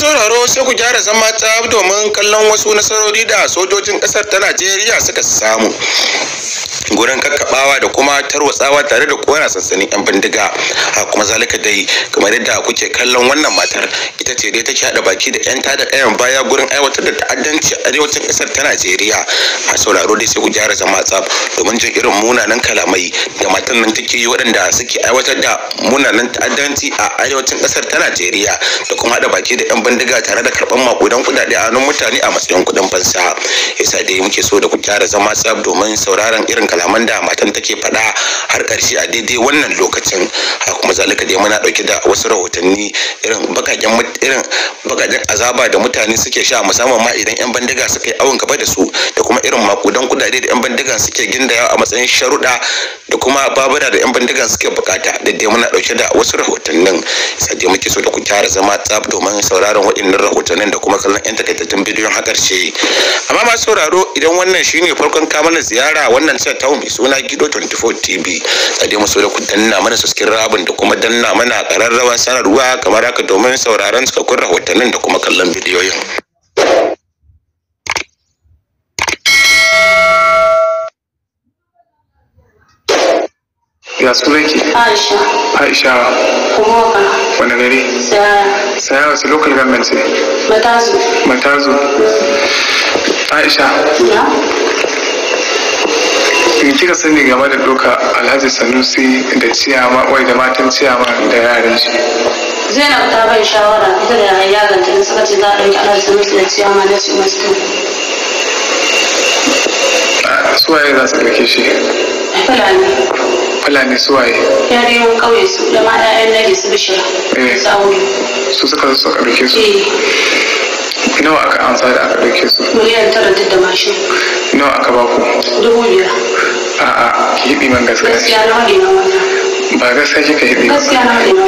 sauraro sai ku gyara zama tsab domin kallon wasu nasarori da sojojin kasar ta najeriya suka samu gurin kakkabawa da kuma tarwatsawa tare da kona sansanin yan bindiga a kuma zalika dai kamar yadda kuke kallon wannan matar ita ce dai take hada baki da yan tada kayan baya gurin aiwatar da ta'addanci a arewacin kasar ta Najeriya a sauraro dai sai ku gyara zama tsaf domin jin irin munanan kalamai da matan nan take yi waɗanda suke aiwatar da munanan ta'addanci a arewacin kasar ta Najeriya da kuma hada baki da yan bindiga tare da karban makudan kudade a hannun mutane a matsayin kudin fansa yasa dai muke so da ku gyara zama tsaf domin sauraron irin kalaman da matan take faɗa har ƙarshe a daidai wannan lokacin kuma zalika dai muna dauke da wasu rahotanni irin bakaƙen irin azaba da mutane suke sha musamman ma idan yan bandiga suka yi awon gaba da su da kuma irin makudan kudade da yan bandiga suke gindaya a matsayin sharuɗa da kuma babura da yan bandiga suke bukata da dai muna ɗauke da wasu rahotannin sai dai muke so da ku tara zama tsaf domin sauraron waɗannan rahotannin da kuma kallon yan takaitattun bidiyon haƙarshe amma masu sauraro idan wannan shine farkon kamar ziyara wannan chat Tau mai suna gido 24 tv a dai maso da ku danna mana rabin da kuma danna mana kararrawan sanarwa kamar haka domin sauraron kun rahotannin da kuma kallon bidiyoyin ya sunan ki aisha aisha kuma wani gari saya wasu local government ne matazu matazu mm. aisha me kika sani game da doka alhaji sanusi da ciyama wai da matan ciyama da yaran shi zainab ta bai shawara ita da yaran yaranta in suka ce za a ɗauki alhaji sanusi da ciyama na ce masu suwaye za su ɗauke shi fulani fulani suwaye yarewan ƙauye su da ma ɗayan nage su bishira eh. su suka su ɗauke su eh. nawa aka amsa da aka ɗauke su miliyan tara da mashin nawa aka baku dubu biyar a'a ki hibi man gaskiya ba gaskiya kika hibi ba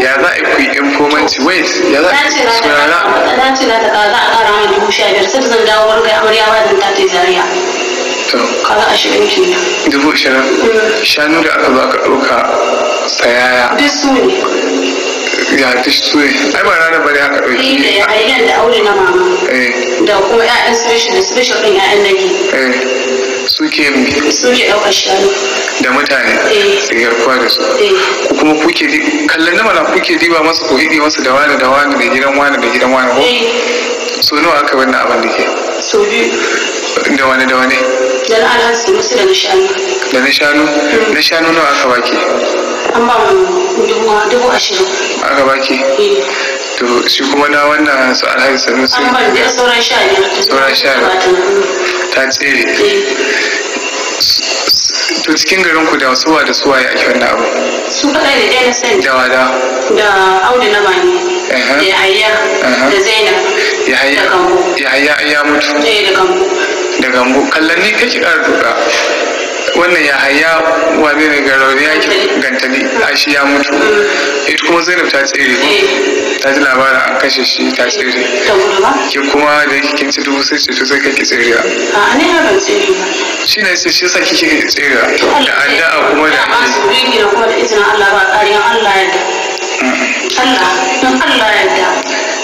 ya za a ku informanci wait ya za a saurara na ce na za a kara mai dubu sha biyar sai zan dawo wani kai amarya ba zan tafi zaria kaga ashirin kenan dubu ashirin mm. shanu da aka zo aka ɗauka sayaya duk su ne ya duk su ne ai ba rana bari aka ɗauki ne a yi da aure na mama eh. da kuma 'ya'yan special da special ɗin 'ya'yan nage eh. suke suke ɗaukar shanu da mutane eh. da yarkuwa da su eh. ku kuma kuke kallon da mana kuke diba masu ko hidi masa da wani da wani da gidan wani da gidan wani ko eh. so nawa aka wannan abin da ke so biyu da wani da wani da na alhansu musu da na shanu da na shanu hmm. na shanu nawa aka baki an ba dubu ashirin aka baki to shi kuma na wannan su alhaji sanusi an ba da sauran sha biyar sauran sha biyar ta tsere to cikin garin ku da suwa da suwa ya ake wannan abu su kadai da dai na sani da wada da audu na bani da ayya da zainab ya hayya ya ya mutu eh, da gambo da gambo kallon ni kake ƙara duka wannan ya hanya wane ne ga rauni ya gantali a shi ya mutu ita kuma zainab ta tsere ta ji labarin an kashe shi ta tsere ki kuma da yake kinci ci dubu sai ce to sai kake tsere a ne ban tsere ba shi ne sai shi sa kike tsere da addu'a kuma da ba su bi da kuma da izinin Allah ba ƙaryan Allah ya Allah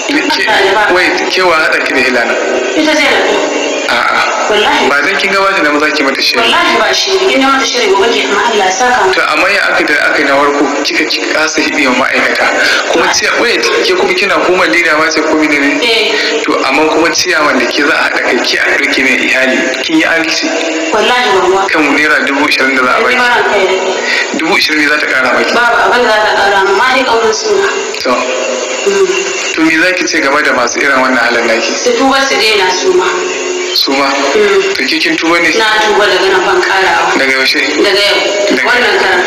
in Allah ya da wai kewa haɗa ki da hilana ita ce a'a ba dan kin ga da maza ki mata shiri wallahi ba shiri kin mata shiri gobe ke kuma Allah ya saka to amma ya aka da aka na warko kika ki kasa hidiyan ma'aikata kuma ciya wait ke kuma kina kuma leda ma sai kuma ne eh. to amma kuma ciya man ke za a hada kai ki a rike ne iyali kin yi alci wallahi ba kan mu naira dubu da za a baki dubu ne za ta kara baki ba abin da za ta kara ma dai kaurin suna to mm. to me za ki ce game da masu irin wannan halin naki su tuba su daina su ma Suma, da mm. to ke kin tuba ne na tuba daga nan ban kara daga yaushe daga yau wannan karan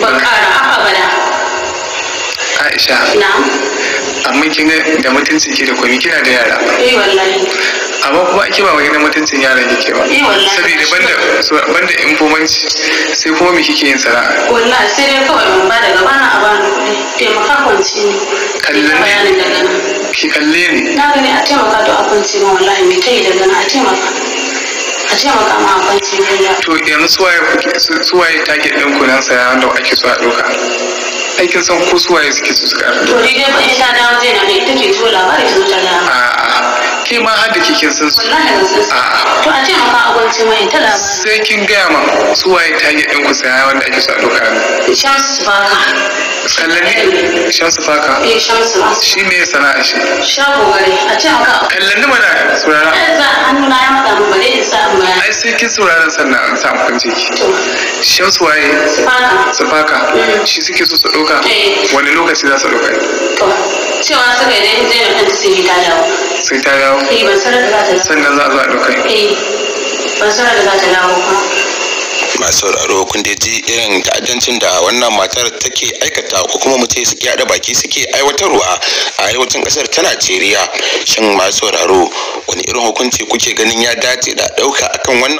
ban kara haka Aisha na amma kin da mutuncin ke da komai kina da yara eh wallahi amma kuma ake ba wani mutuncin yara ke ba eh, saboda banda banda informanci sai kuma me kike yin sana'a wallahi sai dai kawai mun ba daga bana a bani ne. taimaka kwanci ne kallon bayanin daga nan ki kalle ni na gani a taimaka da abinci ma wallahi mai kai da gana a taimaka a taimaka ma akan ce ne to yanzu suwaye suwaye take din kunan saya wanda ake so a doka aikin san ko suwaye suke su suka to ni dai ba in sha dawo na ne take ke jiwo labari ta mutane a ke ma har da ke kin san su a sai kin gaya ma su waye ta yi ɗan kusa wanda ake so a doka shamsu baka kallani shamsu baka eh, shi me sana'a shi shago a ce kallani mana eh, sai kin surara sannan an ciki sufaka mm. shi suke so su eh. wani lokaci za su cewa sai eh, ta dawo sannan za a zo a ɗauka eh, masu sauraro kun da ji irin ta'addancin da wannan matar take aikata ko kuma mu ce suke haɗa baki suke aiwatarwa a arewacin ƙasar ta najeriya shin masu sauraro wani irin hukunci kuke ganin ya dace da ɗauka akan wannan